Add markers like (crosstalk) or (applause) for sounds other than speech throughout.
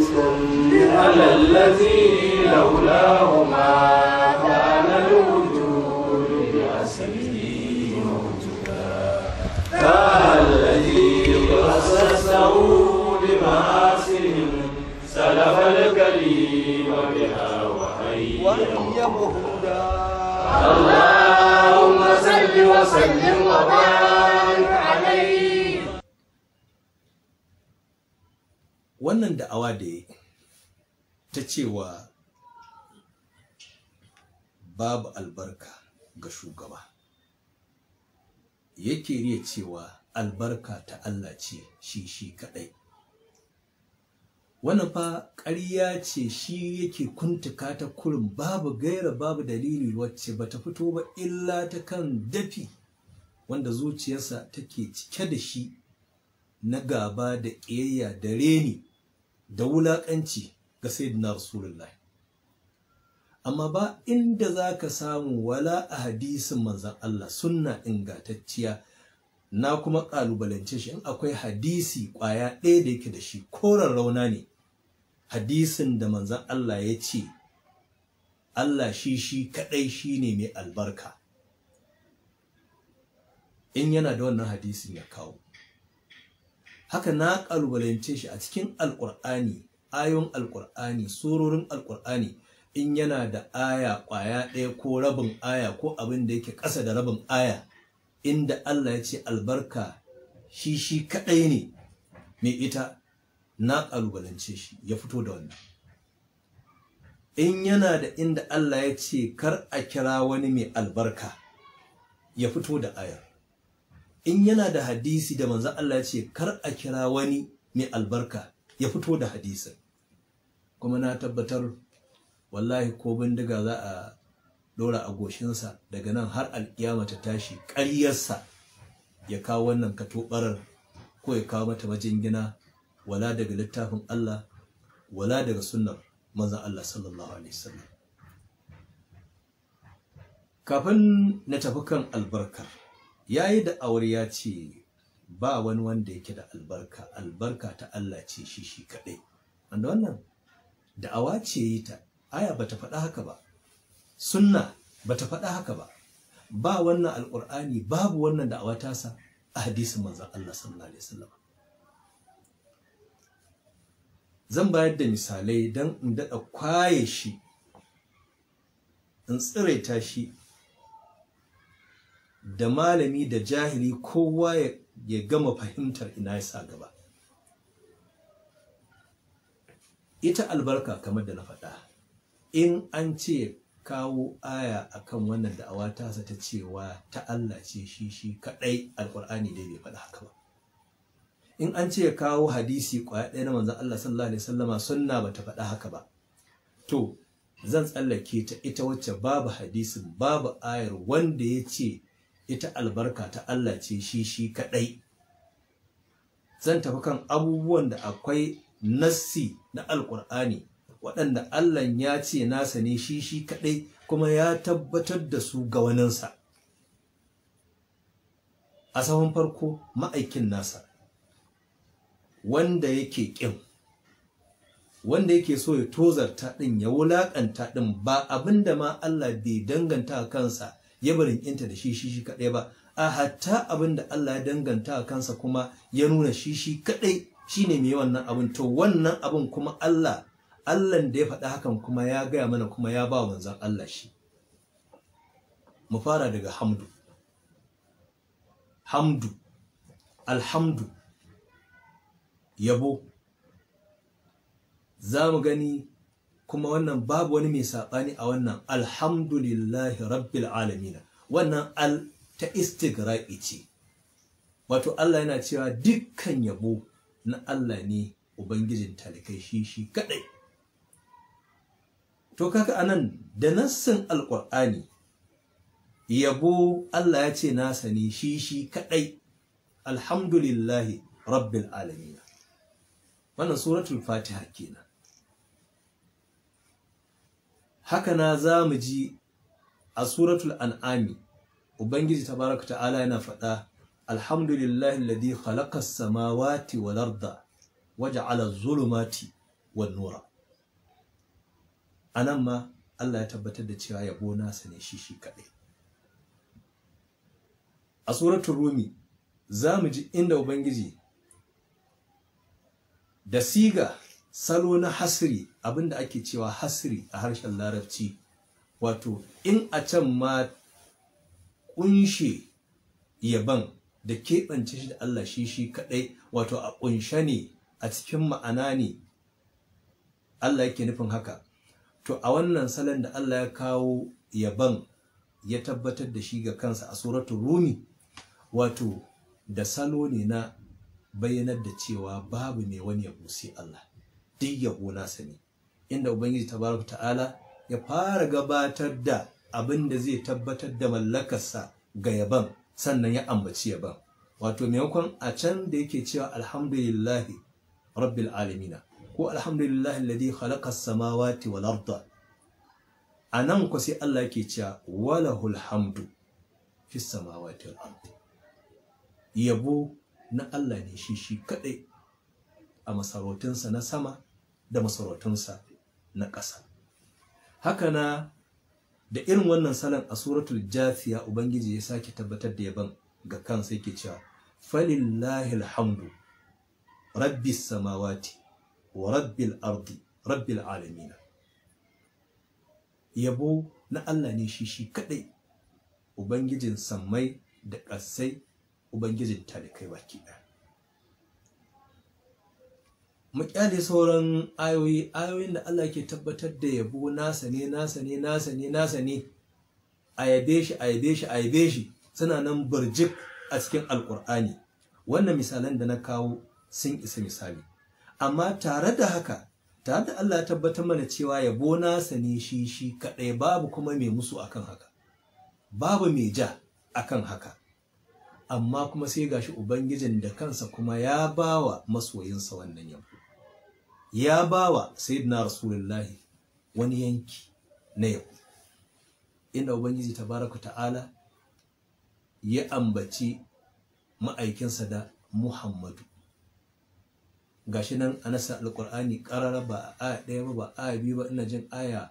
على الذي لولاه ما كان الوجود بأسره موجودا فالذي قصصه لمآسر سلف الكريم بها وحيه هدى اللهم صل وسلم وبارك wannan da'awa da ya ta cewa babu albarka ga shugaba yake riya cewa albarka ta Allah ce shi shi kaɗai wannan fa ƙarya ce shi yake kuntuka ta kurin babu gaira babu dalili wacce bata fito ba illa ta kan dafi wanda zuciyarsa take cike da shi na gaba da ƙiyayya da reni da wulaƙanci ga sayyidina rasulullahi amma ba inda za ka samu wala a hadisin manzan Allah sunna ingatacciya na kuma ƙalubalance shi in akwai hadisi ƙwaya ɗaya da yake da shi koren rauna ne hadisin da manzan Allah ya ce Allah shi shi kaɗai shi ne mai albarka in yana da wannan hadisin ya kawo haka na kalubalance shi a cikin alkur'ani ayon alkur'ani surorin alkur'ani in yana da aya kwaya ɗaya ko rabin aya ko abin da yake ƙasa da rabin aya inda Allah ya ce albarka shi shi kaɗai ne mai ita na ƙalubalance shi ya fito da wannan in yana da inda Allah ya ce kar a kira wani mai albarka ya fito da ayar in yana da hadisi da manzo Allah ce kar a kira wani mai albarka ya fito da hadisin kuma na tabbatar wallahi ko bindiga za a dora a goshinsa daga nan har alkiyama ta tashi ƙaryarsa ya kawo wannan katobarar ko ya kawo mata majingina wala daga littafin Allah wala daga sunnar manzon Allah sallallahu alaihi wasallam kafin na tafi kan albarkar ya yi da aure ya ce ba wani wanda yake da albarka albarka ta Allah ce shi shi kaɗai wanda wannan da'awa ce yi ta aya bata faɗa haka ba sunna bata faɗa haka ba ba wannan alƙur'ani babu wannan da'awa tasa a hadisin manzon Allah sallallahu alaihi wasallam zan bayar da misalai don in daɗa kwaye shi in tsiraita shi da malami da jahili kowa ya gama fahimtar ina ya sa gaba ita albarka kamar da na faɗa in an ce kawo aya akan wannan da'awa tasa ta cewa ta Allah ce shi shi kaɗai alƙur'ani dai bai faɗa haka ba in an ce kawo hadisi kwaya ɗaya na manzan Allah sallallahu alaihi wasallama sunna ba ta faɗa haka ba to zan tsallake ta ita wacce babu hadisin babu ayar wanda ya ce ita albarka ta Allah ce shi shi kaɗai zan tafi kan abubuwan da akwai nassi na alkur'ani waɗanda Allah ya ce nasa ne shi shi kaɗai kuma ya tabbatar da su ga waninsa a sahun farko ma'aikin nasa wanda yake ƙin wanda yake so ya tozarta ɗin ya wulaƙanta ɗin ba abinda ma Allah bai danganta kansa ya inta da shi shi shi kaɗai ba a hatta abin da Allah ya danganta a kansa kuma ya nuna shi shi kaɗai shi ne mai wannan abin to wannan abin kuma Allah Allah da ya faɗa hakan kuma ya gaya mana kuma ya ba manzan Allah shi mu fara daga hamdu hamdu alhamdu yabo za mu gani kuma wannan babu wani mai saɓani a wannan alhamdulillahi rabbil alamina wannan al ta istigra'i ce wato Allah yana cewa dukkan yabo na Allah ne ubangijin talikai shi shi kadai to kaka anan da nassin alqur'ani yabo Allah ya ce nasa ne shi shi kadai alhamdulillahi rabbil alamina. wannan suratul fatiha kenan haka na za mu ji a suratul an'ami ubangiji tabaraka ta'ala yana faɗa alhamdulillahi alladhi khalaqa as-samawati wal arda waja'ala adh-dhulumati wan nura anan ma Allah ya tabbatar da cewa yabo nasa ne shi shi kadai a suratul rumi za mu ji inda ubangiji da siga salo na hasri abinda ake cewa hasri a harshen larabci wato in a can ma kunshe yaban da keɓance shi da Allah shi shi kaɗai wato a ƙunshe ne a cikin ma'ana ne Allah yake nufin haka to a wannan salon da Allah ya kawo yaban ya tabbatar da shi ga kansa a suratul rumi wato da salo ne na bayyanar da cewa babu ne wani ya sai Allah duk yabo nasa ne inda ubangiji tabaraka ta'ala ya fara gabatar da abin da zai tabbatar da mallakarsa ga yaban sannan ya ambaci yaban wato maimakon a can da yake cewa alhamdulillah rabbil alamina ko alhamdulillah alladhi khalaqa as-samawati wal arda anan ko sai Allah yake cewa walahul hamdu fis samawati wal ard yabo na Allah ne shi shi kadai a masarautinsa na sama da masarautunsa na ƙasa haka na da irin wannan salon a suratul jafiya ubangiji ya sake tabbatar da yaban ga kansa yake cewa falillahi alhamdu rabbis samawati wa rabbil ardi rabbil alamin yabo na Allah ne shi shi kadai ubangijin sammai da ƙasai ubangijin talikai baki ɗaya mu kyale sauran ayoyi ayoyin da Allah ke tabbatar da yabo nasa ne nasa ne nasa ne nasa ne a yabe shi a yabe shi a yabe shi suna nan burjik a cikin alkur'ani wannan misalan da na kawo sun isa misali amma tare da haka tare da Allah ya tabbatar mana cewa yabo nasa ne shi shi kadai babu kuma mai musu akan haka babu mai ja akan haka amma kuma sai gashi ubangijin da kansa kuma ya bawa masoyinsa wannan yabo ya bawa sayyidina rasulullahi wani yanki na yau inda ubangiji tabaraka ta'ala ya ambaci ma'aikinsa da muhammadu gashi nan a nasa alkur'ani ƙarara ba a aya ɗaya ba ba a aya biyu ba ina jin aya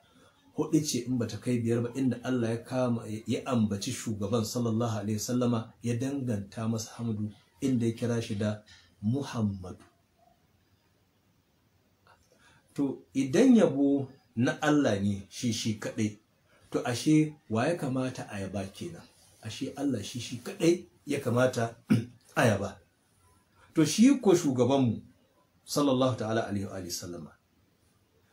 hudu ce in ba ta kai biyar ba inda Allah ya kama ya ambaci shugaban sallallahu alaihi wasallama ya danganta masa Hamadu inda ya kira shi da muhammadu to idan yabo na Allah ne shi shi kaɗai to ashe wa ya kamata a yaba kenan ashe Allah shi shi kaɗai ya kamata a (clears throat) yaba to shi ko shugabanmu sallallahu ta'ala alaihi wa sallama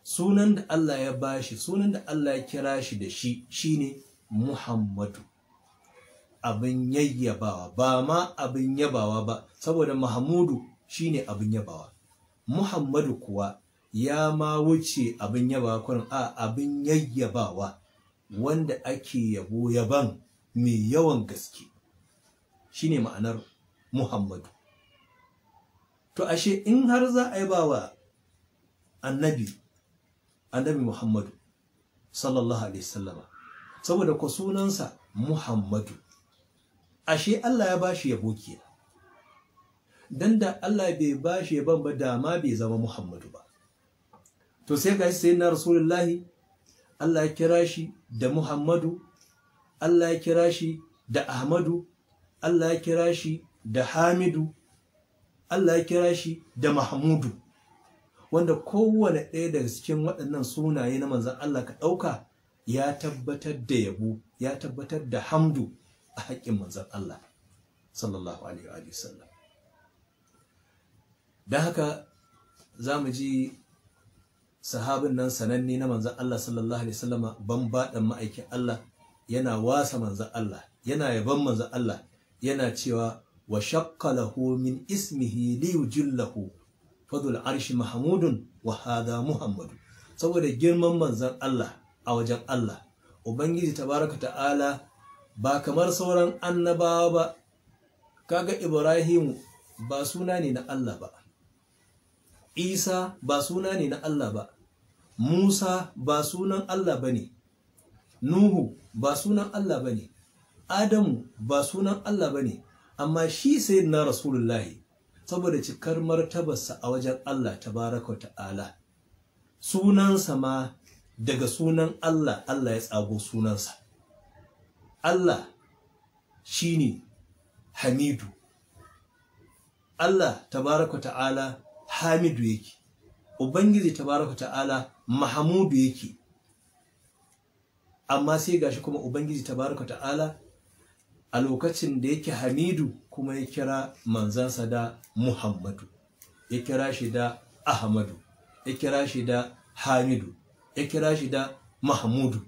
sunan da Allah ya bashi sunan da Allah ya kira shi da shi shine Muhammadu abin yayyabawa ba ma abin yabawa ba saboda Muhammadu shine abin yabawa Muhammadu kuwa ya ma wuce abin yaba kurin a abin yayyabawa wanda ake yabo yaban mai yawan gaske shine ma'anar muhammadu to ashe in har za a yi ba wa annabi annabi muhammadu sallallahu alaihi sallama saboda ku sunansa muhammadu ashe allah ya bashi yabo kenan dan da allah bai bashi yaban ba dama bai zama muhammadu ba to sai ga sai na rasulullahi Allah ya kira shi da Muhammadu Allah ya kira shi da Ahmadu Allah ya kira shi da Hamidu Allah ya kira shi da Mahmudu wanda kowane ɗaya daga cikin waɗannan sunaye na manzan Allah ka ɗauka ya tabbatar da yabo ya tabbatar da hamdu a haƙƙin manzan Allah sallallahu alaihi wa sallam don haka za mu ji sahabin nan sananne na manzan Allah sallallahu alaihi wasallama ban ma'aikin Allah yana wasa manzan Allah yana yaban manzan Allah yana cewa wa shakkalahu min ismihi li yujillahu fadul arshi mahmudun wa hadha muhammadu saboda girman manzan Allah a wajen Allah ubangiji tabaraka ta'ala ba kamar sauran annabawa ba kaga ibrahimu ba suna ne na Allah ba Isa ba suna ne na Allah ba, Musa ba sunan Allah ba ne, Nuhu ba sunan Allah ba ne, Adamu ba sunan Allah ba ne, amma shi sai na Rasulullahi, saboda cikar martabarsa a wajen Allah ta baraka ta'ala. Sunansa ma daga sunan Allah, Allah ya tsago sunansa. Allah shi ne Hamidu, Allah ta baraka ta'ala Hamidu yake, Ubangiji ta baraka ta'ala mahamudu yake amma sai gashi kuma ubangiji tabaraka ta'ala a lokacin da yake hamidu kuma ya kira manzansa da muhammadu ya kira shi da ahmadu ya kira shi da hamidu ya kira shi da mahmudu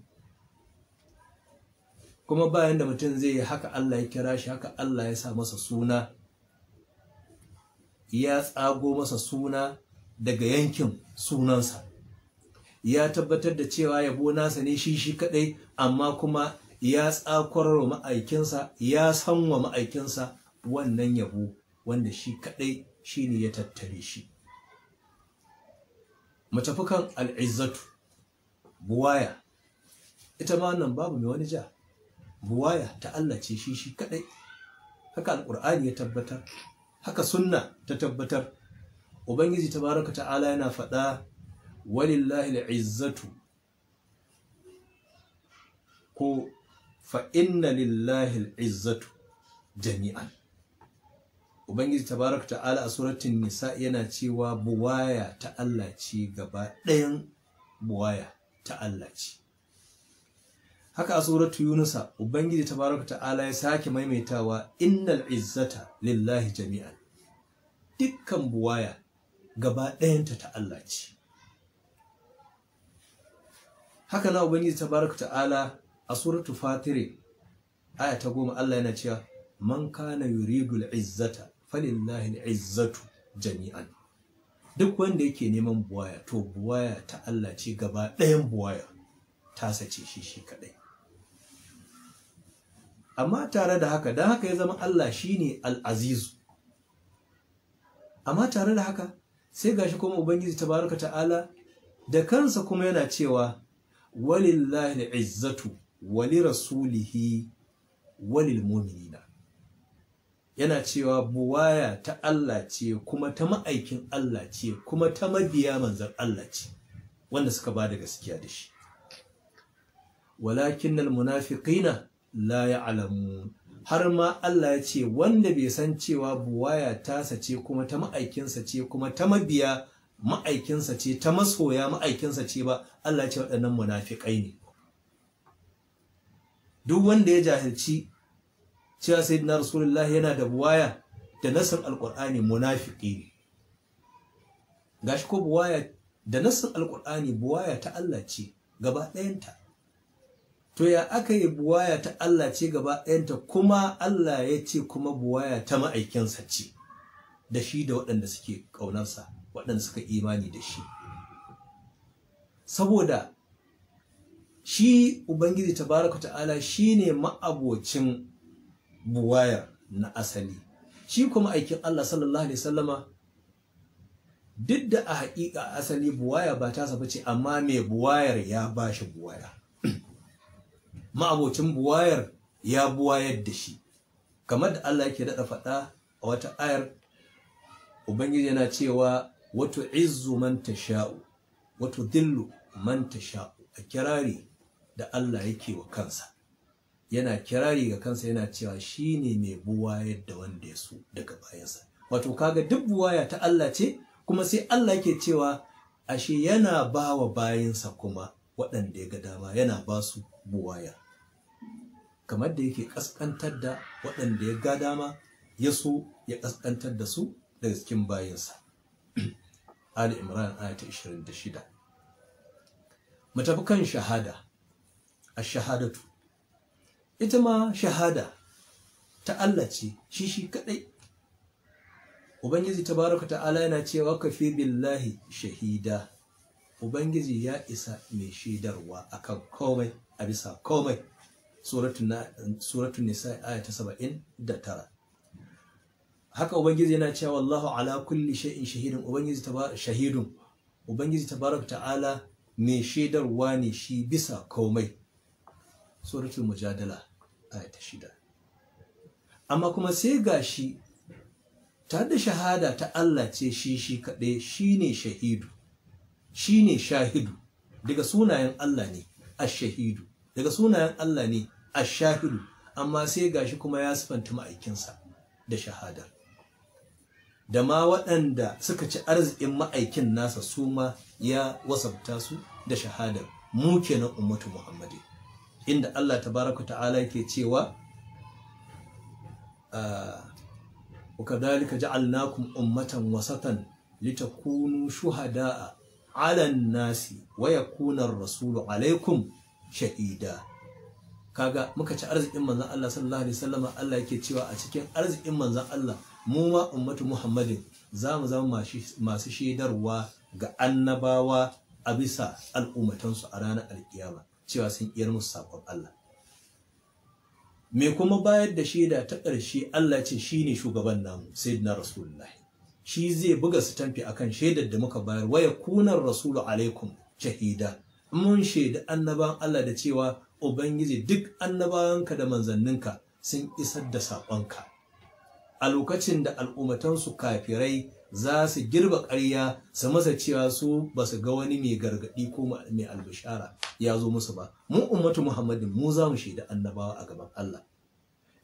kuma bayan da mutum zai yi haka allah ya kira shi haka allah ya sa masa suna ya tsago masa suna daga yankin sunansa ya tabbatar da cewa yabo nasa ne shi shi kadai amma kuma ya tsakwararwa ma'aikinsa ya san ma'aikinsa wannan yabo wanda shi kadai shi ne ya tattare shi matafukan al'izzatu buwaya ita ma nan babu mai wani ja buwaya ta Allah ce shi shi kadai haka Alƙur'ani ya tabbatar haka sunna ta tabbatar ubangiji ta Baraka ta'ala yana faɗa walillahi al'izzatu ko fa inna lillahi al'izzatu jami'an ubangiji tabaraka ta'ala a suratun nisa yana cewa buwaya ta Allah ce gaba ɗayan buwaya ta Allah ce haka a suratu yunusa ubangiji tabaraka ta'ala ya sake maimaitawa innal izzata lillahi jami'an dukkan buwaya gaba ɗayanta ta Allah ce haka na ubangiji tabaraka ta'ala a suratu fatire aya ta goma Allah yana cewa man kana yuridu izzata falillahi izzatu jami'an duk wanda yake neman buwaya to buwaya ta Allah ce gaba ɗayan buwaya ta sace shi shi kadai amma tare da haka dan haka ya zama Allah shine al-azizu amma tare da haka sai gashi kuma ubangiji tabaraka ta'ala da kansa kuma yana cewa walillahi izzatu wali rasulihi walil mu'minina yana cewa buwaya ta Allah ce kuma ta ma'aikin Allah ce kuma ta mabiya manzan Allah ce wanda suka ba da gaskiya da shi walakin nan la ya'lamun har ma Allah ya ce wanda bai san cewa buwaya sa ce kuma ta ma'aikinsa ce kuma ta mabiya ma'aikinsa ce ta masoya ma'aikinsa ce ba Allah ce waɗannan munafiƙai ne duk wanda ya jahilci cewa sayyidina rasulullah yana da buwaya da nasar alƙur'ani munafiƙi ne gashi ko buwaya da nasar alƙur'ani buwaya ta Allah ce gaba ɗayanta to ya aka yi buwaya ta Allah ce gaba ɗayanta kuma Allah ya ce kuma buwaya ta ma'aikinsa ce da shi da waɗanda suke ƙaunarsa waɗanda suka imani da shi saboda shi ubangiji tabaraka ta'ala shine ma'abocin buwayar na asali shi kuma aikin Allah sallallahu alaihi sallama duk da a haƙiƙa asali buwaya ba ta saba ce amma mai buwayar ya ba shi buwaya (clears throat) ma'abocin buwayar ya buwayar da shi kamar da Allah yake daɗa faɗa a wata ayar ubangiji yana cewa wato izu man sha'u, wato dillu man sha'u a kirari da Allah yake wa kansa yana kirari ga kansa yana cewa shi ne mai buwa yadda wanda ya so daga bayansa wato kaga duk buwaya ta Allah ce kuma sai Allah yake cewa ashe yana ba wa bayansa kuma waɗanda ya ga dama yana ba su buwaya kamar da yake ƙasƙantar da waɗanda ya ga dama ya so ya ƙasƙantar da su daga cikin bayansa Ali Imran aya ta 26 mu tafi kan shahada ash-shahadatu ita ma shahada ta Allah ce shi shi kadai ubangiji tabaraka ta'ala yana cewa kafi billahi shahida ubangiji ya isa mai shaidarwa akan komai a bisa komai suratul nisa aya ta 79 haka ubangiji yana cewa wallahu ala kulli shay'in shahidun ubangiji ta shahidun ubangiji tabaraka ta'ala mai shaidarwa ne shi bisa komai suratul mujadala aya ta amma kuma sai gashi ta da shahada ta Allah ce shi shi kaɗai shine shahidu shine shahidu daga sunayen Allah ne ash-shahidu daga sunayen Allah ne ash-shahidu amma sai gashi kuma ya sifanta ma'aikinsa da shahadar da ma waɗanda suka ci arzikin ma'aikin nasa su ma ya wasabta su da shahadar mu kenan ummatu muhammadi inda Allah tabaraka ta'ala ke cewa ah, wa kadhalika ja'alnakum ummatan wasatan litakunu shuhada'a 'alan nasi wa yakuna ar-rasulu 'alaykum shahida kaga muka ci arzikin manzon Allah sallallahu alaihi wasallam Allah yake cewa a cikin arzikin manzon Allah mu ma ummatu muhammadin za mu zama masu shaidarwa ga annabawa a bisa al'ummatansu a ranar alkiyama cewa sun iyar musu sakon Allah me kuma bayar da shaida ta ƙarshe Allah ce shi ne shugaban namu na rasulullahi shi zai buga su tamfi kan shaidar da muka bayar waya kunar rasulu alaikum shahida mun shaida annabawan Allah da cewa ubangiji duk annabawanka da manzanninka sun isar da saƙonka a lokacin da al'ummatansu kafirai za su girba ƙarya su masa cewa su ba su ga wani mai gargaɗi ko mai albishara ya zo musu ba mu ummatu muhammadin mu za mu shaida annabawa a gaban Allah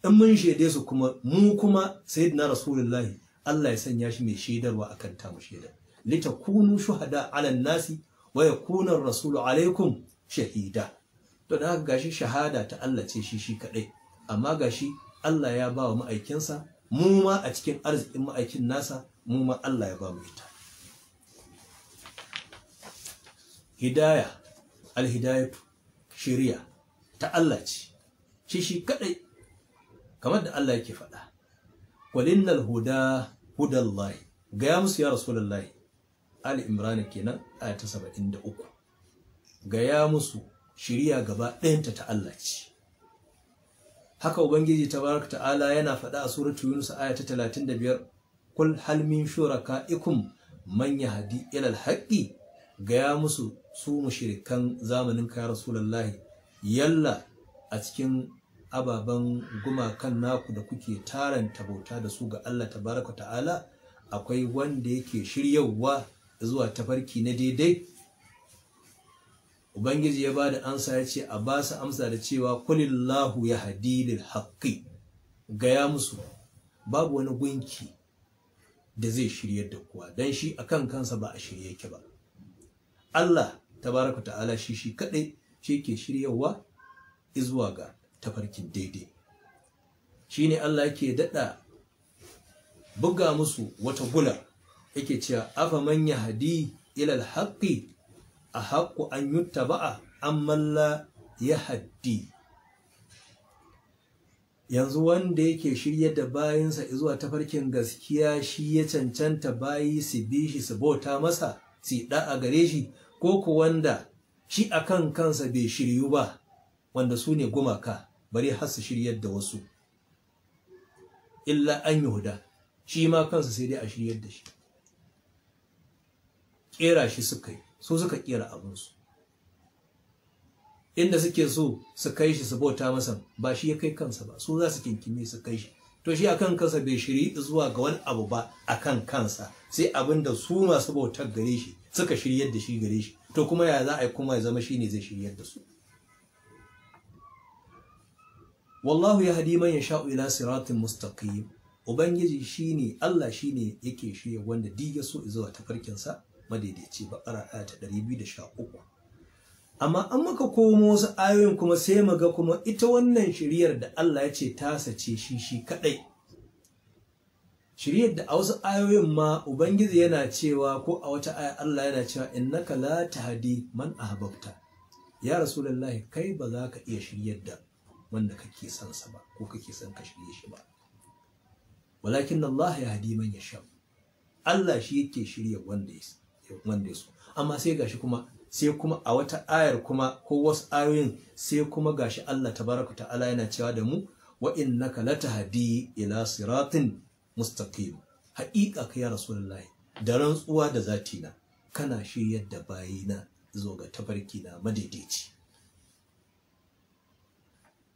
in mun shaide su kuma mu kuma sayyidina rasulullahi Allah ya sanya shi mai shaidarwa a ta mu shaida kunu shuhada ala nasi wa yakuna rasulu alaikum shahida to da haka gashi shahada ta Allah ce shi shi kadai amma gashi Allah ya ba wa ma'aikinsa mu ma a cikin arzikin ma'aikin nasa mu ma Allah ya ba mu ita hidaya alhidayatu shiriya ta Allah ce shi shi kadai kamar da Allah yake faɗa walinnal huda hudallahi gaya musu ya rasulullahi ali imran kenan aya ta 73 gaya musu shiriya gaba ɗayanta ta Allah ce haka ubangiji tabaraka ta'ala yana faɗa a suratu yunus aya ta 35 kul hal min shuraka'ikum man yahdi ila al-haqqi gaya musu su mu mushrikan zamanin ka rasulullahi yalla a cikin ababen gumakan naku da kuke taranta bauta da su ga Allah tabaraka ta'ala akwai wanda yake shiryawa zuwa tafarki na daidai ubangiji ya bada amsa ya ce a ba su amsa da cewa kulillahu ya hadi haƙƙi. gaya musu babu wani gunki da zai shiryar da kuwa Don shi a kan kansa ba a shirye yake ba Allah ta baraka ta'ala shi shi kaɗai shi ke wa izuwa ga tafarkin daidai Shi ne Allah yake daɗa buga musu wata gula yake cewa afa man hadi ilal al a haƙƙu an yutta ba'a an malla ya haddi yanzu wanda yake shirya da bayansa zuwa farkin gaskiya shi ya cancanta bayi su bi shi su bauta masa su a gare shi ko ku wanda shi a kan kansa bai shiryu ba wanda su ne gumaka bari har su shiryar da wasu illa an huda shi ma kansa sai dai a shirya da shi ƙera shi suka yi su suka kera abinsu inda suke so su kai shi su bauta masa ba shi ya kai kansa ba su za su kinkime su kai shi to shi akan kansa bai shiri zuwa ga wani abu ba akan kansa sai abin da su masu bautar gare shi suka shiryar da shi gare shi to kuma ya za a yi kuma ya zama shi ne zai shiryar da su wallahu ya hadi man yasha'u ila siratin mustaqim ubangiji shine Allah shine yake shi wanda duk ya so zuwa sa madaidaici ƙara aya ta ɗari biyu da sha uku. amma an maka komo wasu ayoyin kuma sai maga kuma ita wannan shiriyar da Allah ya ce ta sace shi shi kaɗai shiriyar da a wasu ayoyin ma ubangiji yana cewa ko a wata aya Allah yana cewa innaka la tahdi man ahbabta ya rasulullahi kai ba za ka iya shiryar da wanda kake son sa ba ko kake son ka shirye shi ba walakin Allah ya hadi man ya yasha Allah shi yake shirya wanda ya wanda su amma sai gashi kuma sai kuma a wata ayar kuma ko wasu ayoyin sai kuma gashi Allah Ta tabaraka Ala yana cewa da mu wa innaka latahdi ila siratin mustaqim haƙiƙa ka ya rasulullahi da rantsuwa da zati na, kana shiryar da bayina zo ga tafarki na madaidaici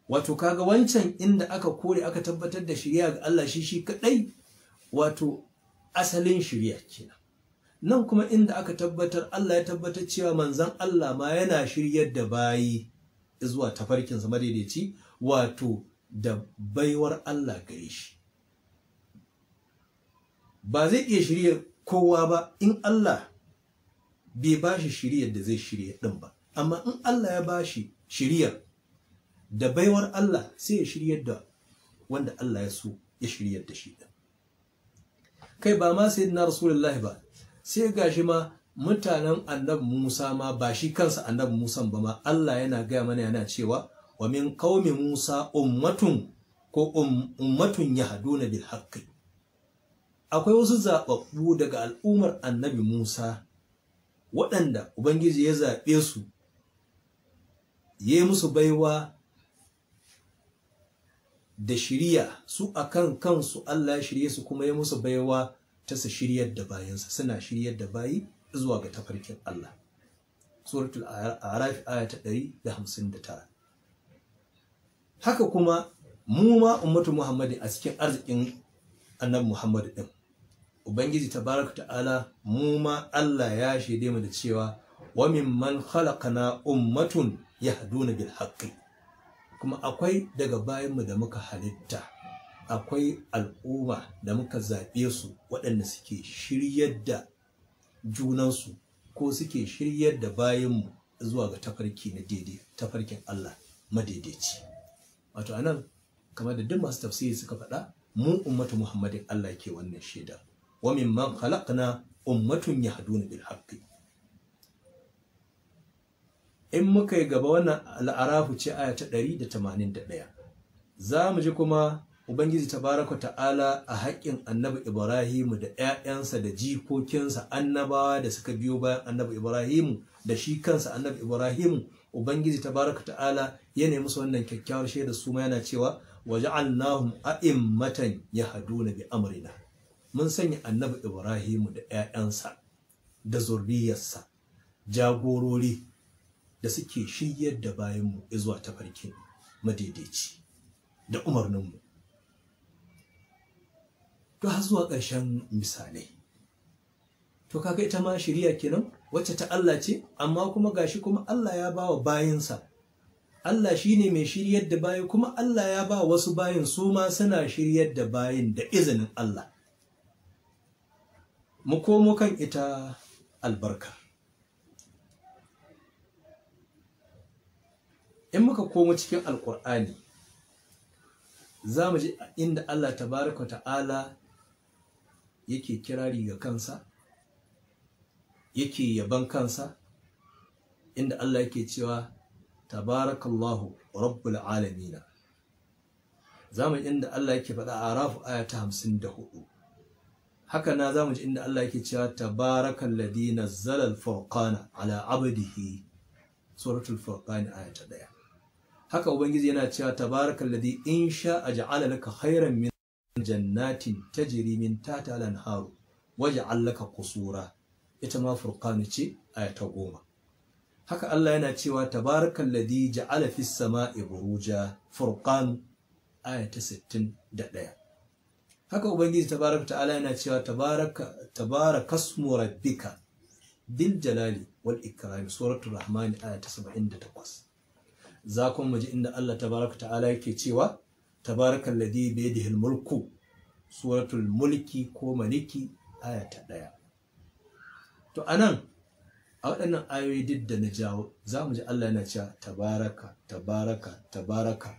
wato kaga wancan inda aka kore aka tabbatar da shirya ga Allah shi shi kadai wato asalin shirya kenan nan kuma inda aka tabbatar Allah ya tabbatar cewa manzan Allah ma yana shiryar da bayi zuwa tafarkinsa madaidaici wato da baiwar Allah gare shi ba zai iya shirya kowa ba in Allah bai ba shi shiryar da zai shirya din ba amma in Allah ya ba shi shiryar da baiwar Allah sai ya shiryar da wanda Allah ya so ya shiryar da shi kai ba ma sayyidina rasulullahi ba sai ga shi ma mutanen annabi Musa ma ba shi kansa annabi Musa ba ma Allah yana gaya mana yana cewa wa min qaumi Musa ummatun ko um, ummatun yahduna bil haqqi akwai wasu zababbu daga al'ummar annabi Musa waɗanda Ubangiji ya zaɓe su ya musu baiwa da shiriya su akan kansu Allah ya shirye su kuma ya musu baiwa ta su shiryar da bayansa suna shiryar da bayi zuwa ga tafarkin Allah suratul araf aya ta 159 haka kuma mu ma ummatu muhammadin a cikin arzikin annabi muhammad din ubangiji tabaraka ta'ala mu ma Allah ya shaide mu da cewa wa mimman khalaqana ummatun yahduna bil haqqi kuma akwai daga bayanmu da muka halitta akwai al'umma da muka zaɓe su waɗanda suke shiryar da junansu ko suke shiryar da bayanmu zuwa ga tafarki na daidai tafarkin Allah madaidaici wato anan kamar da duk masu tafsiri suka faɗa mu ummatu muhammadin Allah ke wannan shaida wa mimman khalaqna ummatun yahduna bil haqqi in muka yi gaba wannan al'arafu ce aya ta 181 za mu ji kuma Ubangiji tabaraka ta'ala a haƙƙin annabi Ibrahimu da ‘ya'yansa da jikokinsa annabawa da suka biyo bayan annabi Ibrahimu da shi kansa annabi Ibrahimu Ubangiji ta tabaraka ta'ala ya nemi musu wannan kyakkyawar shaida su ma yana cewa matan ya a'immatan na bi amrina mun sanya annabi Ibrahimu da ‘ya'yansa da zurriyarsa jagorori da suke shiryar da bayanmu zuwa tafarkin madaidaici da umarninmu to har zuwa ƙarshen misalai to kaga ita ma shiriya kenan wacce ta Allah ce amma kuma gashi kuma Allah ya bawa bayinsa Allah shine mai shiryar da bayi kuma Allah ya ba wasu bayin su ma suna shiryar da bayin da izinin Allah mu komo kan ita albarka in muka komo cikin alkur'ani za mu ji inda Allah tabaraka ta'ala yake kirari ga kansa yake yaban kansa inda Allah yake cewa tabarakallahu rabbul alamin zaman inda Allah yake faɗa a rafu aya ta 54 haka na zamu ji inda Allah yake cewa tabarakal ladhi nazzala al-furqana ala abdihi suratul furqan ayata 1 haka ubangiji yana cewa tabarakal ladhi in sha aj'ala laka khairan min jannatin tajri min tahtiha al-anharu waj'al laka qusura ita ma furqan ce aya ta goma haka Allah yana cewa tabarakal ladhi ja'ala fis sama'i buruja furqan aya ta 61 haka ubangiji tabaraka ta'ala yana cewa tabaraka tabarakasmu rabbika dil jalali wal ikram suratu rahman aya ta 78 zakon mu ji inda Allah tabaraka ta'ala yake cewa tabarakal ladhi bi yadihi mulku suratul mulki ko maliki aya ta ɗaya to anan a waɗannan ayoyi duk da na jawo za mu ji Allah yana cewa tabaraka tabaraka tabaraka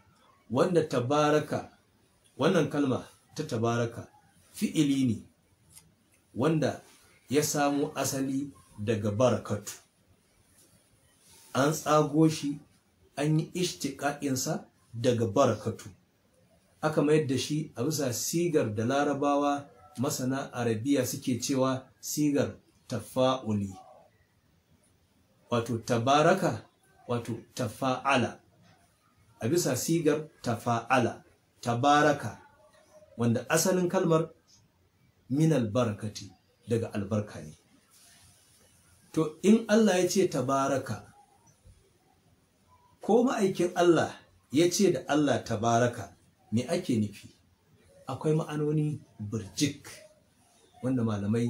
wanda tabaraka wannan kalma ta tabaraka fi'ili ne wanda ya samu asali daga barakatu an tsago shi an yi ishtiƙaƙinsa daga barakatu aka mayar da shi a bisa sigar da larabawa masana arabiya suke cewa sigar tafa'uli wato tabaraka wato tafa'ala a bisa sigar tafa'ala tabaraka wanda asalin kalmar min albarkati daga albarka ne to in Allah ya ce tabaraka ko ma'aikin Allah ya ce da Allah tabaraka me ake nufi akwai ma'anoni birjik wanda malamai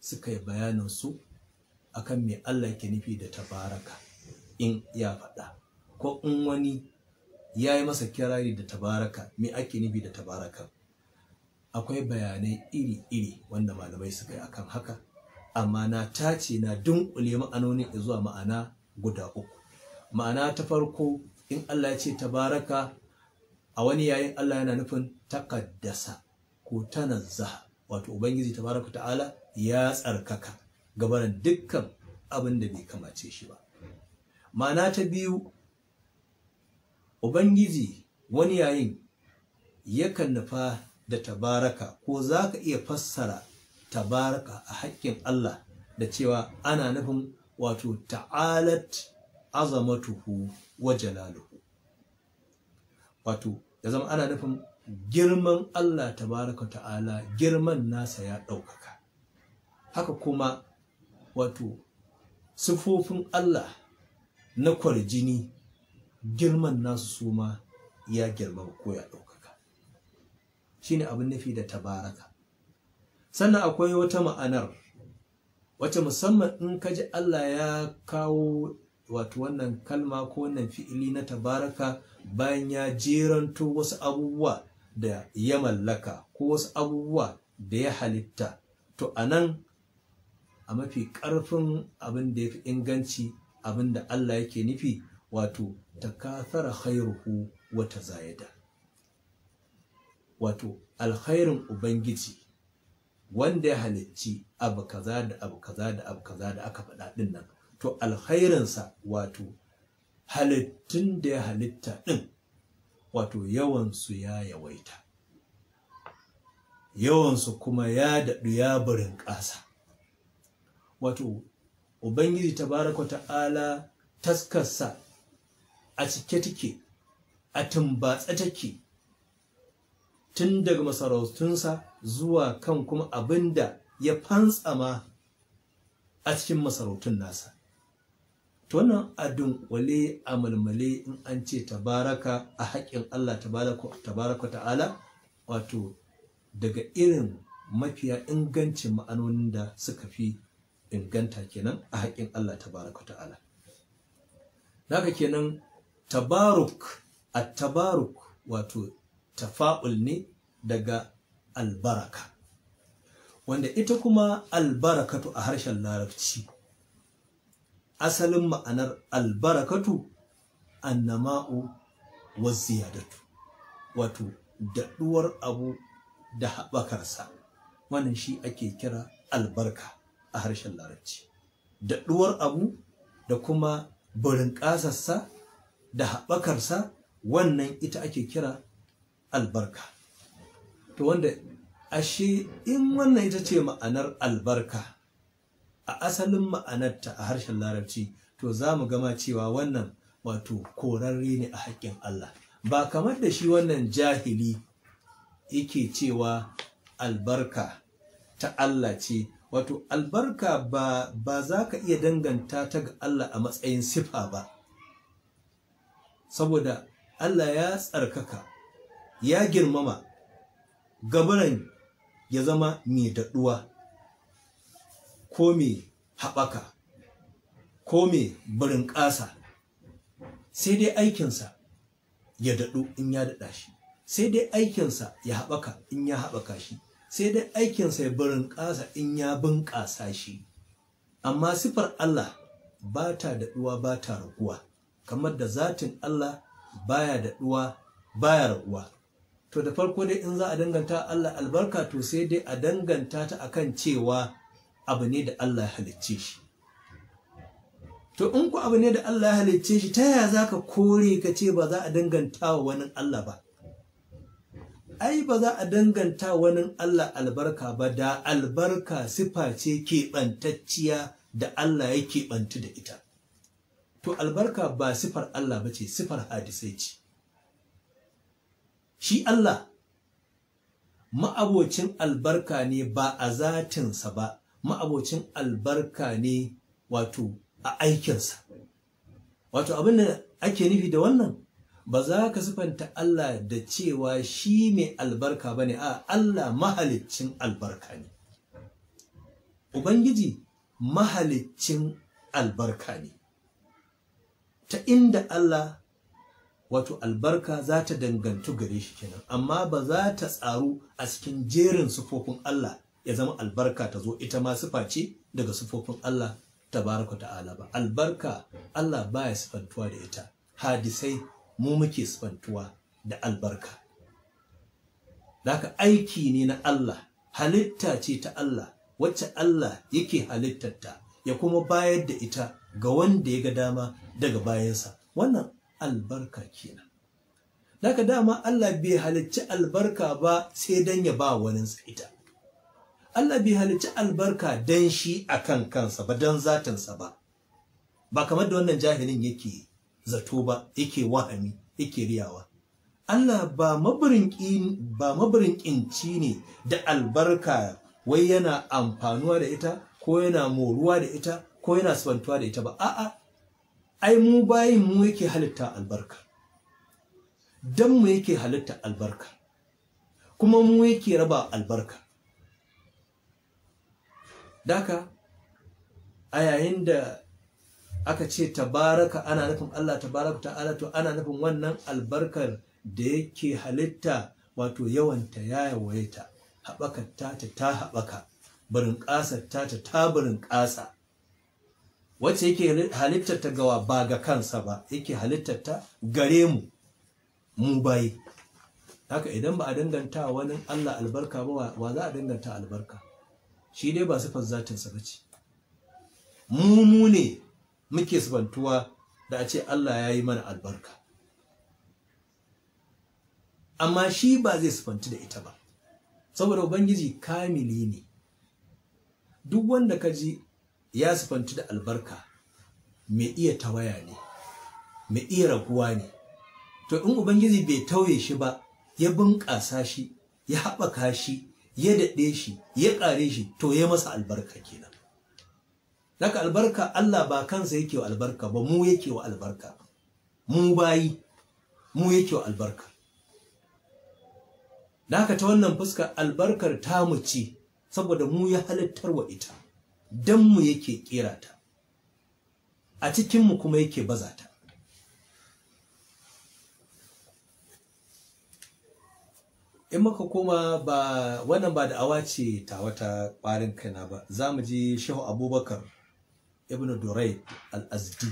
suka yi bayanin su akan me Allah ke nufi da tabaraka in ya faɗa ko in wani ya yi masa kirari da tabaraka me ake nufi da tabaraka akwai bayanai iri-iri wanda malamai suka yi akan haka amma na tace na dunkule ma'anoni zuwa ma'ana guda uku ma'ana ta farko in Allah ya ce tabaraka a wani yayin Allah yana nufin takaddasa ko tanazzaha wato ubangiji tabaraka ta'ala ya tsarkaka gabaran dukkan abin da bai kamace shi ba ma'ana ta biyu ubangiji wani yayin yakan nufa da tabaraka ko za ka iya fassara tabaraka a hakkin Allah da cewa ana nufin wato ta'alat azamatuhu wa jalaluhu wato ya zama ana nufin girman Allah tabaraka ta'ala girman nasa ya ɗaukaka haka kuma wato sufofin Allah na kwarjini girman nasu suma ya girma ko ya ɗaukaka shine abin nufi da tabaraka sannan akwai wata ma'anar wacce musamman in ka ji Allah ya kawo wato wannan kalma ko wannan fi'ili na tabaraka bayan ya jeranto wasu abubuwa da ya mallaka ko wasu abubuwa da ya halitta to a nan a mafi ƙarfin abin da ya fi inganci abin da Allah yake nufi wato takathara khairuhu wata zayada wato alkhairin ubangiji wanda ya halicci abu kaza da abu kaza da abu kaza da aka faɗa ɗin nan to alkhairinsa wato halittun da ya halitta ɗin wato yawansu ya yawaita yawansu kuma ya daɗu ya barin ƙasa wato ubangiji tabaraka ta'ala taskarsa a cike take a tumbatsa take tun daga masarautunsa zuwa kan kuma abinda ya fantsama a cikin masarautun nasa to wannan a dunkwale a malmale in an ce tabaraka a haƙƙin Allah tabaraka ta'ala wato daga irin mafiya ingancin ma'anonin da suka fi inganta kenan a haƙƙin Allah tabaraka ta'ala ka kenan tabaruk a tabaruk wato tafa'ul ne daga albaraka wanda ita kuma albarakatu a harshen larabci asalin ma'anar albarakatu annama'u wa ziyadatu wato daɗuwar abu da haɓakarsa wannan shi ake kira albarka a harshen larabci daɗuwar abu da kuma burin da haɓakarsa wannan ita ake kira albarka to wanda ashe in wannan ita ce ma'anar albarka a asalin ma'anarta a harshen larabci to za mu gama cewa wannan wato korarre ne a haƙƙin Allah ba kamar da shi wannan jahili yake cewa albarka ta Allah ce wato albarka ba, ba za ka iya danganta ta ga Allah a matsayin sifa ba saboda Allah ya tsarkaka ya girmama gabaran ya zama mai daɗuwa ko me haɓaka ko me birin ƙasa sai dai aikinsa ya daɗu in ya daɗa shi sai dai aikinsa ya haɓaka in ya haɓaka shi sai dai aikinsa ya birin ƙasa in ya bunƙasa shi amma sifar Allah ba ta daɗuwa ba ta raguwa kamar da zatin Allah baya daɗuwa baya raguwa to da farko dai in za a danganta Allah albarka to sai dai a danganta ta akan cewa abu ne da Allah ya halicce shi to in ku abu ne da Allah ya halicce shi ta yaya ka kore ka ce ba za a danganta wa wani Allah ba ai ba za a danganta wa wani Allah albarka ba da albarka sifa ce keɓantacciya da Allah ya keɓantu da ita to albarka ba sifar Allah ba ce sifar hadisai ce shi Allah ma'abocin albarka ne ba a zatinsa ba ma'abocin albarka ne wato a aikinsa wato abin da ake nufi da wannan ba za ka sifanta Allah da cewa shi ne albarka ba ne a Allah mahaliccin albarka ne Ubangiji mahaliccin albarka ne ta inda Allah wato albarka za ta dangantu gare shi kenan amma ba za ta tsaru a cikin jerin sufofin Allah ya zama albarka ta zo ita ma sifa ce daga sufofin Allah tabaraka ta'ala ba albarka Allah baya sifantuwa da ita hadisai mu muke sifantuwa da albarka Daka aiki ne na Allah halitta ce ta Allah wacce Allah yake halittarta ya kuma bayar da ita ga wanda ya ga dama daga bayansa wannan albarka kenan Daka dama Allah bai halicci albarka ba sai dan ya ba waninsa ita Allah bai halicci albarka dan shi a kan kansa ba dan zatinsa ba ba kamar da wannan jahilin yake zato ba yake wahami yake riyawa Allah ba mabirinƙinci ne da albarka wai yana amfanuwa da ita ko yana moruwa da ita ko yana sabantuwa da ita ba a'a ai mu bayin mu yake halitta albarka dan mu yake halitta albarka kuma mu yake raba albarka daka a yayin da aka ce tabaraka ana nufin Allah tabaraka ta'ala to ana nufin wannan albarkar da yake halitta wato yawanta ya yawaita Haɓaka ta ta haɓaka barin ƙasa ta ta ta barin ƙasa wacce yake halittar ta gawa ba ga kansa ba yake halittar ta gare mu mu bayi haka idan ba a danganta wani Allah albarka ba wa za a danganta albarka shi dai ba sifar zatinsa ba ce mu ne muke sifantuwa da a ce Allah ya yi mana albarka amma shi ba zai sifantu da ita ba saboda ubangiji kamili ne duk wanda ka ji ya sifantu da albarka mai iya tawaya ne mai iya raguwa ne to in ubangiji bai tauye shi ba ya bunƙasa shi ya haɓaka shi ya daɗe shi ya ƙare shi to ya masa albarka kenan daga albarka Allah ba kansa yake wa albarka ba mu yake wa albarka mu bayi mu yake wa albarka daga ta wannan fuska albarkar ta mu ce saboda mu ya halittar wa ita dan mu yake kira ta a cikinmu kuma yake baza ta in muka koma ba wannan ba da awa ce ta wata ƙwarin kaina ba za mu ji shehu abubakar ibn durai al-azdi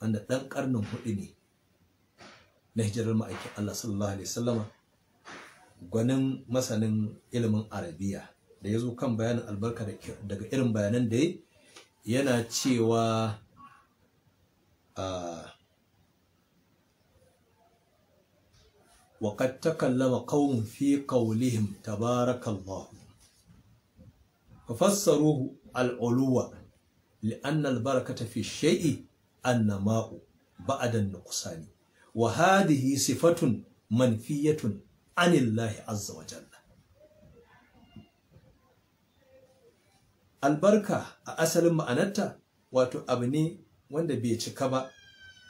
wanda ɗan ƙarnin hudu ne na hijirar ma'aikin allah sallallahu alaihi sallama gwanin masanin ilimin arabiya da ya zo kan bayanin albarka daga irin bayanan da ya yana cewa uh, وقد تكلم قوم في قولهم تبارك الله ففسروه العلو لأن البركة في الشيء النماء بعد النقصان وهذه صفة منفية عن الله عز وجل albarka a asalin ma'anarta wato abu ne wanda bai cika ba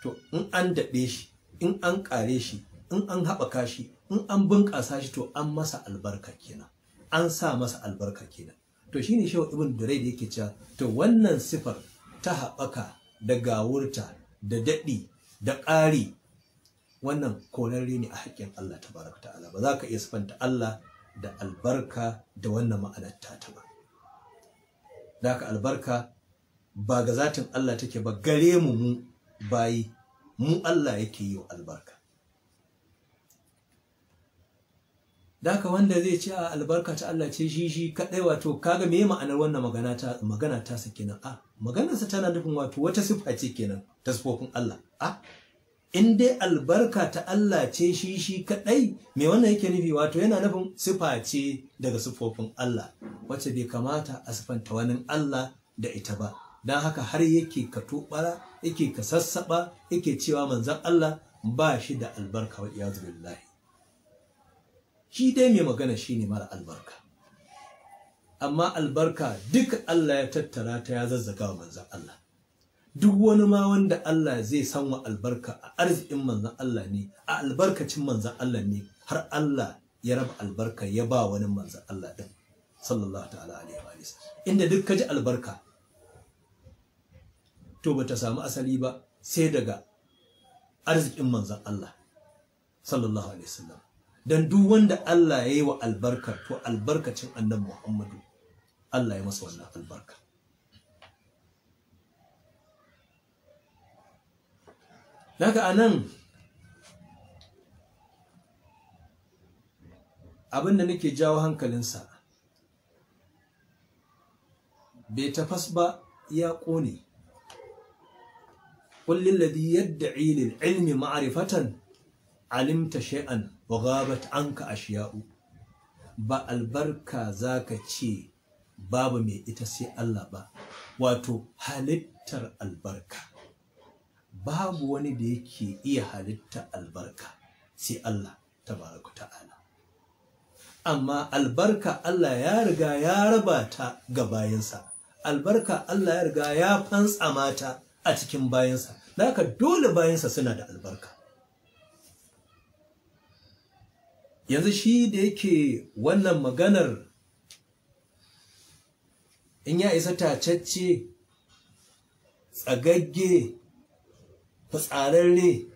to in an daɗe shi in an ƙare shi in an haɓaka shi in an bunƙasa shi to an masa albarka kenan an sa masa albarka kenan to shine shehu ibn durai da yake cewa to wannan sifar ta haɓaka da gawurta da daɗi da ƙari wannan korarre ne a haƙƙin Allah ta ba za ka iya sifanta Allah da albarka da wannan ma'anar ba da ka albarka ba ga zatin Allah take ba gare mu mu bayi mu Allah yake yi wa albarka daka wanda zai ce a albarka ta Allah ce shi shi kaɗai wato kaga me ma'anar wannan magana ta magana ta sa kenan a maganar sa tana nufin wato wata sifa ce kenan ta sifofin Allah a in dai albarka ta Allah ce shi shi kaɗai, me wannan yake nufi wato yana nufin sifa ce daga sifofin Allah wacce bai kamata a sifanta wani Allah da ita ba dan haka har yake ka tubara yake ka sassaba yake cewa manzon Allah ba shi da albarka wa iyazu billahi shi dai mai magana shine mara albarka amma albarka duk Allah ya tattara ta ya zazzaga wa manzan Allah duk wani ma wanda Allah zai san wa albarka a arzikin manzan Allah ne a albarkacin manzan Allah ne har Allah ya raba albarka ya ba wani manzan Allah din sallallahu ta'ala alaihi wa inda duk ka ji albarka to bata samu asali ba sai daga arzikin manzan Allah sallallahu alaihi wasallam dan duk wanda Allah ya yi wa albarka to albarkacin annabi Muhammadu Allah ya masa wannan albarka daga anan abin da nake jawo hankalinsa bai tafas ba ya ƙone kullum ladhi yadda'i lil ilmi ma'rifatan alimta shay'an wa ghabat anka ashiya'u ba albarka za ka ce babu mai ita sai Allah ba wato halittar albarka babu wani da yake iya halittar albarka sai Allah tabaraka ta'ala amma albarka Allah ya riga ya raba ta ga bayansa albarka Allah ya riga ya fantsa mata a cikin bayansa da dole bayansa suna da albarka yanzu shi da yake wannan maganar in ya isa tacacce tsagagge fitsararre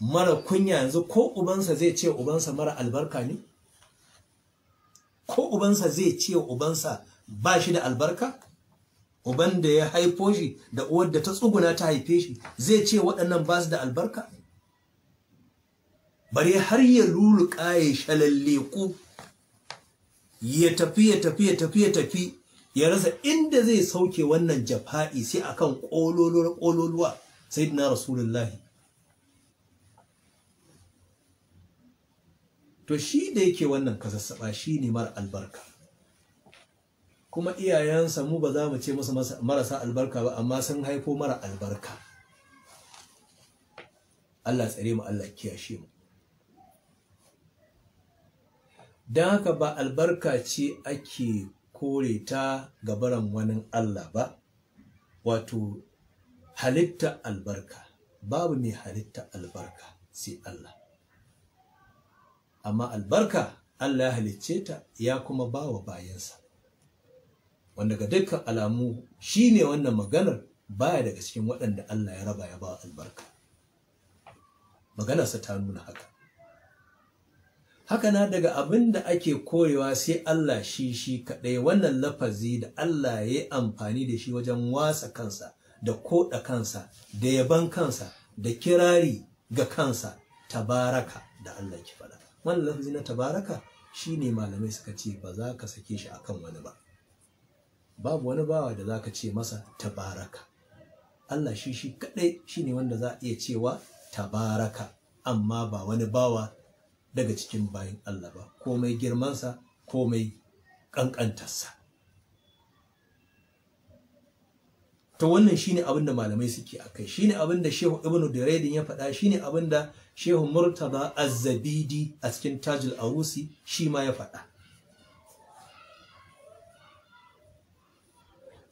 mara kunya yanzu ko ubansa zai ce ubansa mara albarka ne? ko ubansa zai ce ubansa ba shi da albarka? uban da ya haifo shi da uwar da ta tsuguna ta haife shi zai ce waɗannan ba su da albarka? bare har ya luluka ya shalalle ku ya tafi ya tafi ya tafi ya tafi ya rasa inda zai sauke wannan jafa'i sai akan kololuwa kololuwa sayyidina rasulullahi to shi da yake wannan kasassaba shi ne albarka kuma iyayensa mu ba za mu ce musu marasa albarka ba amma sun haifo mara albarka Allah tsare mu Allah kiyashe mu don haka ba albarka ce ake kore ta gabaran wani Allah ba wato halitta albarka babu mai halitta albarka sai Allah amma albarka Allah ya halicce ta ya kuma ba wa bayansa wanda ga dukkan alamu shi ne wannan maganar baya daga cikin waɗanda Allah ya raba ya ba albarka maganarsa ta nuna haka haka na daga abin da ake koyewa sai Allah shi shi kaɗai wannan lafazi da Allah ya yi amfani da shi wajen watsa kansa da koɗa kansa da yaban kansa da kirari ga kansa tabaraka da Allah ke faɗa wannan lafazi na tabaraka shi ne malamai suka ce ba za ka sake shi akan wani ba babu wani bawa da za ka ce masa tabaraka Allah shi shi kaɗai shi ne wanda za a iya cewa tabaraka amma ba wani bawa daga cikin bayan Allah ba komai girmansa komai ƙanƙantarsa Ta wannan shine abin da malamai suke a akai shine abin da Shehu Ibn diredin ya faɗa shine abin da Shehu Murtala azzabidi a cikin Tajil Arusi shi ma ya faɗa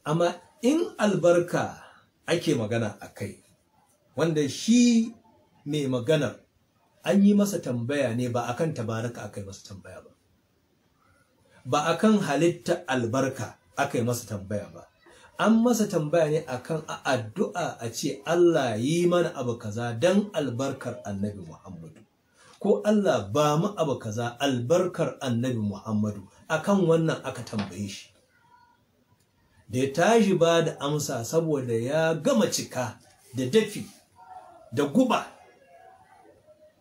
amma in albarka ake magana a kai, wanda shi mai maganar an yi masa tambaya ne ba akan tabaraka aka yi masa tambaya ba ba akan halitta albarka aka yi masa tambaya ba an masa tambaya ne akan a addu'a a ce Allah yi mana abu kaza dan albarkar annabi Muhammadu ko Allah ba mu abu kaza albarkar annabi Muhammadu akan wannan aka tambaye shi da ya tashi ba da amsa saboda ya gama cika da dafi da guba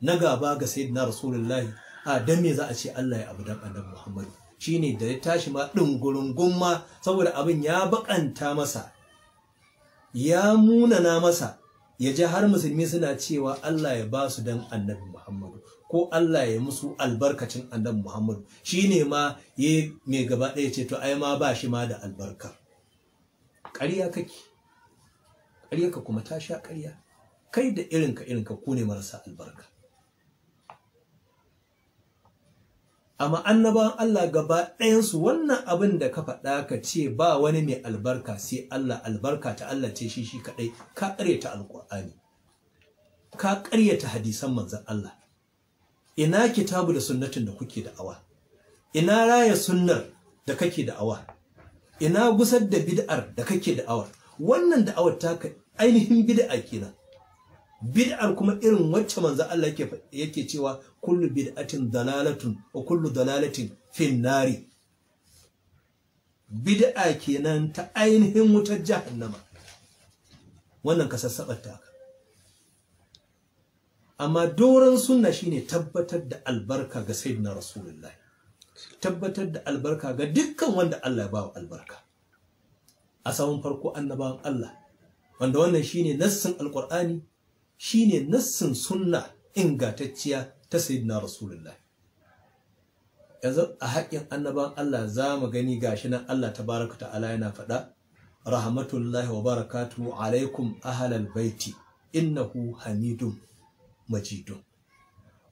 na gaba ga sayyidina rasulullahi a dan me za a ce Allah ya abu dan annabi Muhammadu shine da ya tashi ma ɗungurungun ma saboda abin ya bakanta masa ya munana masa ya ji har musulmi suna cewa Allah ya ba su dan annabi Muhammadu ko Allah ya musu albarkacin annabi Muhammadu shine ma ya mai gaba ɗaya ce to ai ma ba shi ma da albarka ƙarya kake ƙarya ka kuma ta sha ƙarya kai da irinka irinka ku ne marasa albarka amma annabawan Allah gaba ɗayansu wannan abin da ka faɗa ka ce ba wani mai albarka sai Allah albarka ta Allah ce shi shi kaɗai ka ƙaryata alƙur'ani ka ƙaryata hadisan manzan Allah ina kitabu da sunnatin da kuke da awa ina raya sunnar da kake da awa ina gusar da bid'ar da kake da awar wannan da awar ta ainihin bid'a kenan bid'ar kuma irin wacce manzo Allah yake cewa kullu bid'atin dalalatun wa kullu dalalatin fin nari bid'a kenan ta ainihin wutar jahannama wannan ka sassabar ta amma doron sunna shine tabbatar da albarka ga sayyidina rasulullahi tabbatar da albarka ga dukkan wanda Allah ya bawa albarka a sabon farko annabawan Allah wanda wannan shine nassin alqur'ani shine nassin sunna ingantacciya ta sayyidina rasulullah yanzu a haƙƙin annaban Allah za mu gani gashi nan Allah tabaraka ta'ala yana faɗa rahmatullahi wa barakatuhu alaikum ahlal baiti innahu hamidum majidun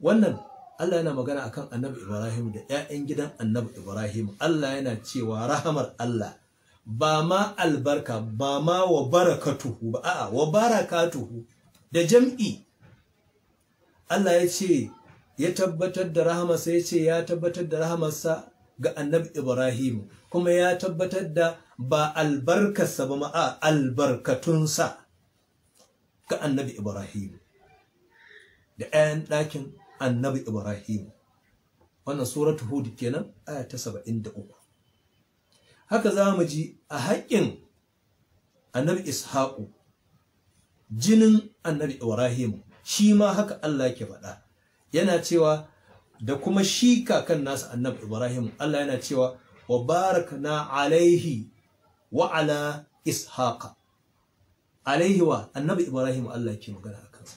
wannan Allah yana magana akan annabi Ibrahim da 'ya'yan gidan annabi Ibrahim Allah yana cewa rahamar Allah ba ma albarka ba ma wa barakatuhu ba a'a wa barakatuhu da jam'i Allah ya ce ya tabbatar da rahamarsa ya ce ya tabbatar da rahamarsa ga annabi Ibrahim kuma ya tabbatar da ba albarkarsa ba ma'a albarkatunsa ga annabi Ibrahim da 'ya'yan ɗakin annabi Ibrahim wannan suratu hud kenan aya ta uku. haka za mu ji a haƙƙin annabi ishaƙu jinin annabi Ibrahim shi ma haka Allah yake faɗa yana cewa da kuma shi kakan nasa annabi Ibrahim Allah yana cewa wa barakna alaihi wa ala ishaqa alaihi wa annabi Ibrahim Allah yake magana akan sa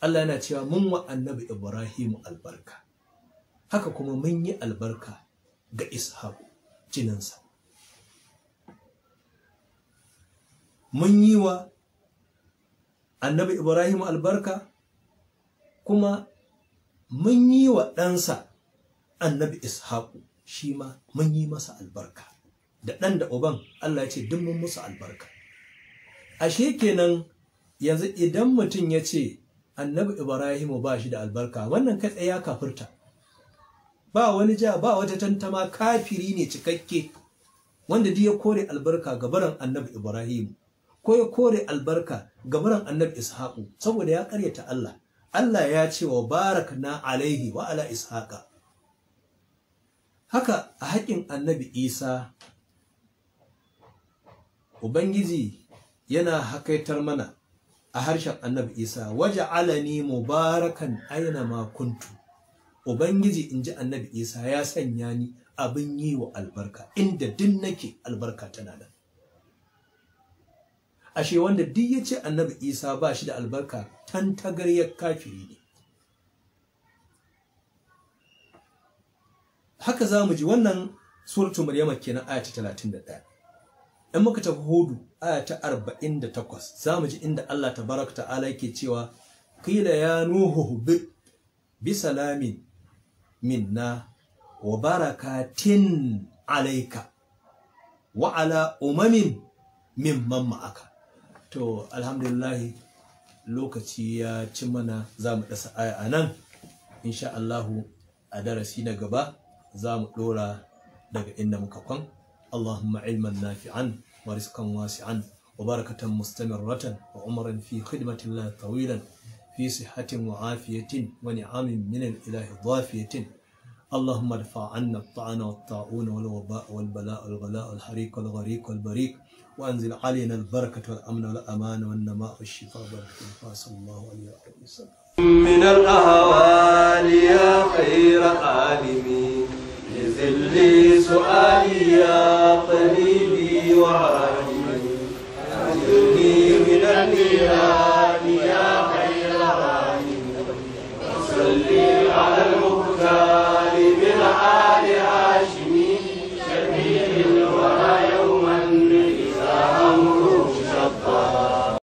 Allah yana cewa mun wa annabi Ibrahim albarka haka kuma mun yi albarka ga ishaq jininsa mun yi wa annabi ibrahim albarka kuma mun yi wa ɗansa annabi ishaku shi ma mun yi masa albarka da ɗan da uban allah ya ce duk mun musu albarka ashe kenan yanzu idan mutum ya ce annabi ibrahim ba shi da albarka wannan kai tsaye ya kafirta ba wani ja ba wata tantama kafiri ne cikakke wanda duk ya kore albarka ga barin annabi ibrahim ko ya kore albarka ga muran annabi ishaqu saboda ya karyata Allah Allah ya ce wa barakna alaihi wa ala ishaqa haka a haƙin annabi isa ubangiji yana hakaitar mana a harshen annabi isa waje alani mubarakan aina ma kuntu ubangiji in ji annabi isa ya sanya ni abin yi wa albarka inda din nake albarka tana nan ashe wanda duk ya ce annabi isa ba shi da albarka ya kafiri ne haka za mu ji wannan suratu maryama kenan aya ta 31 in muka tafi hudu aya ta 48 za mu ji inda Allah tabaraka ta'ala yake cewa kila ya nuhu bi salamin minna wa barakatin alayka wa ala umamin mimman ma'aka to alhamdulillahi lokaci ya ci mana za mu ɗasa aya a nan insha Allahu a darasi na gaba za mu ɗora daga inda muka kwan Allahumma ilman nafi'an wa rizqan wasi'an wa barakatan mustamirratan wa umran fi khidmatin la tawilan fi sihatin wa afiyatin wa ni'amin min al-ilahi dhafiyatin اللهم ادفع عنا الطعن والطاعون والوباء والبلاء والغلاء والحريق al والبريق وأنزل علينا البركة والأمن والأمان والنماء والشفاء والخلفاء صلى الله عليه وسلم من الأهوال يا خير عالمي لذلي سؤالي يا طبيبي وعالمي أجلني من النيران